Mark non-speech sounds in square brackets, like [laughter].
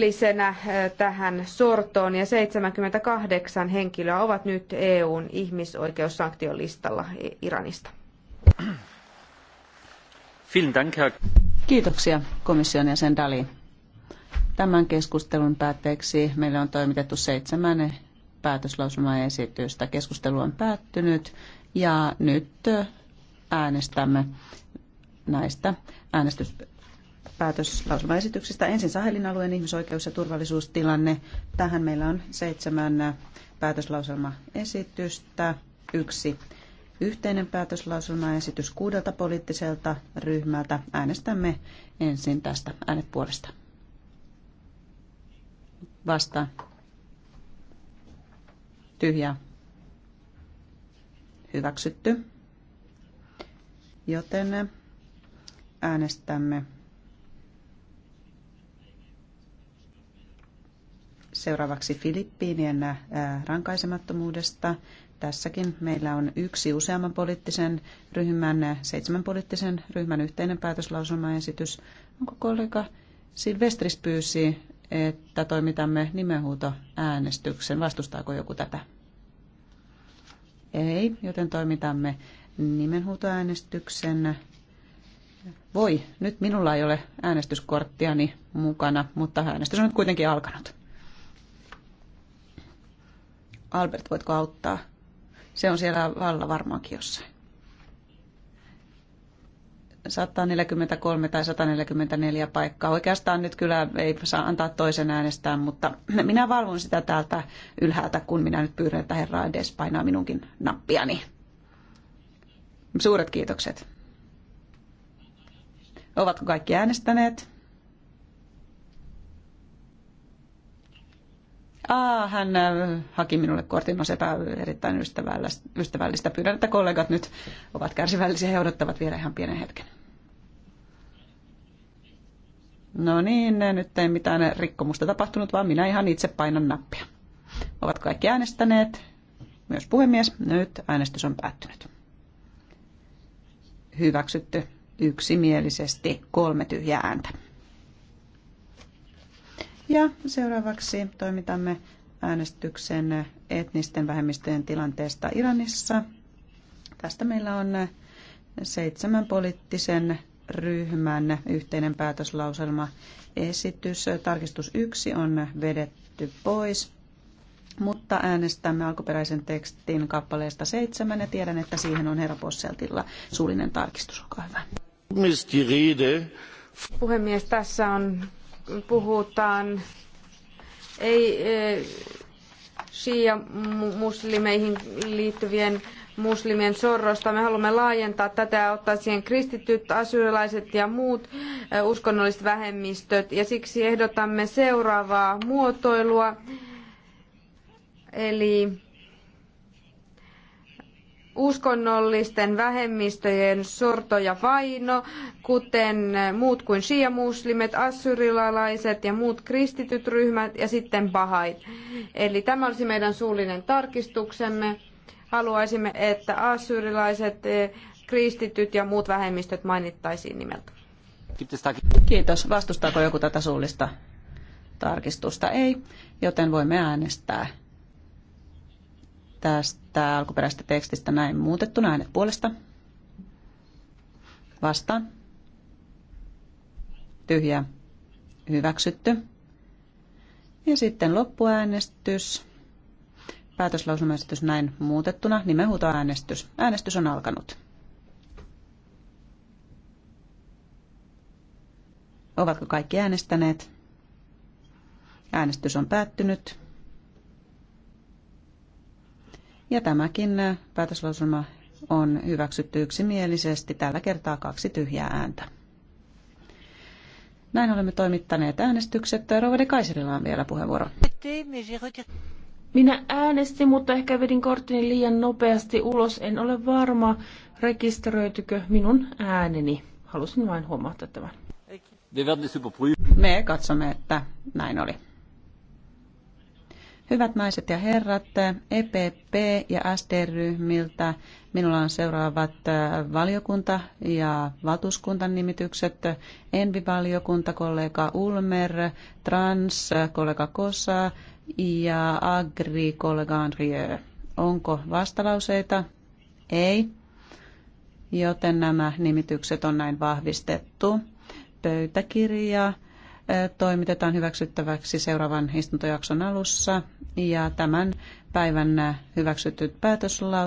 syyllisenä eh, tähän sortoon ja 78 henkilöä ovat nyt EUn ihmisoikeussanktiolistalla Iranista. Kiitoksia komission jäsen Dali. Tämän keskustelun päätteeksi meillä on toimitettu seitsemän päätöslausumaesitystä. Keskustelu on päättynyt ja nyt äänestämme näistä äänestys päätöslauselmaesityksistä. Ensin Sahelin alueen ihmisoikeus- ja turvallisuustilanne. Tähän meillä on seitsemän päätöslauselmaesitystä. Yksi yhteinen päätöslauselmaesitys kuudelta poliittiselta ryhmältä. Äänestämme ensin tästä äänet puolesta. Vasta tyhjä Hyväksytty. Joten äänestämme Seuraavaksi Filippiinien äh, rankaisemattomuudesta. Tässäkin meillä on yksi useamman poliittisen ryhmän, äh, seitsemän poliittisen ryhmän yhteinen päätöslausumaesitys. Onko kollega Silvestris pyysi, että toimitamme äänestyksen? Vastustaako joku tätä? Ei, joten toimitamme nimenhuutoäänestyksen. Voi, nyt minulla ei ole äänestyskorttiani mukana, mutta äänestys on nyt kuitenkin alkanut. Albert, voitko auttaa? Se on siellä valla varmaankin jossain. 143 tai 144 paikkaa. Oikeastaan nyt kyllä ei saa antaa toisen äänestää, mutta [clears throat] minä valvon sitä täältä ylhäältä, kun minä nyt pyydän, että herra edes painaa minunkin nappiani. Suuret kiitokset. Ovatko kaikki äänestäneet? Aa, hän äh, haki minulle kortin, osepä no, erittäin ystävällistä. ystävällistä. Pyydän, että kollegat nyt ovat kärsivällisiä ja odottavat vielä ihan pienen hetken. No niin, nyt ei mitään rikkomusta tapahtunut, vaan minä ihan itse painan nappia. Ovat kaikki äänestäneet, myös puhemies. Nyt äänestys on päättynyt. Hyväksytty yksimielisesti kolme tyhjää ääntä. Ja seuraavaksi toimitamme äänestyksen etnisten vähemmistöjen tilanteesta Iranissa. Tästä meillä on seitsemän poliittisen ryhmän yhteinen päätöslauselma esitys. Tarkistus yksi on vedetty pois, mutta äänestämme alkuperäisen tekstin kappaleesta seitsemän ja tiedän, että siihen on herra Posseltilla suullinen tarkistus. Olkaa hyvä. Puhemies, tässä on puhutaan ei eh, shia muslimeihin liittyvien muslimien sorrosta. Me haluamme laajentaa tätä ja ottaa siihen kristityt, asyrilaiset ja muut eh, uskonnolliset vähemmistöt. Ja siksi ehdotamme seuraavaa muotoilua. Eli uskonnollisten vähemmistöjen sorto ja vaino, kuten muut kuin shia-muslimit, assyrilalaiset ja muut kristityt ryhmät ja sitten bahait. Eli tämä olisi meidän suullinen tarkistuksemme. Haluaisimme, että assyrilaiset, kristityt ja muut vähemmistöt mainittaisiin nimeltä. Kiitos. Vastustaako joku tätä suullista tarkistusta? Ei, joten voimme äänestää tästä alkuperäisestä tekstistä näin muutettuna äänet puolesta. Vastaan. Tyhjä. Hyväksytty. Ja sitten loppuäänestys. Päätöslausumäänestys näin muutettuna. Nimenhuutoäänestys. Äänestys on alkanut. Ovatko kaikki äänestäneet? Äänestys on päättynyt. Ja tämäkin äh, päätöslausuma on hyväksytty yksimielisesti, tällä kertaa kaksi tyhjää ääntä. Näin olemme toimittaneet äänestykset. Rovede Kaiserilla on vielä puheenvuoro. Minä äänestin, mutta ehkä vedin korttini liian nopeasti ulos. En ole varma, rekisteröitykö minun ääneni. Halusin vain huomata tämän. Me katsomme, että näin oli. Hyvät naiset ja herrat, EPP ja SD-ryhmiltä minulla on seuraavat valiokunta- ja valtuuskuntan nimitykset. Envi-valiokunta, kollega Ulmer, Trans, kollega Kosa ja Agri, kollega Andrieu. Onko vastalauseita? Ei. Joten nämä nimitykset on näin vahvistettu. Pöytäkirja toimitetaan hyväksyttäväksi seuraavan istuntojakson alussa ja tämän päivän hyväksytyt päätöslauselmat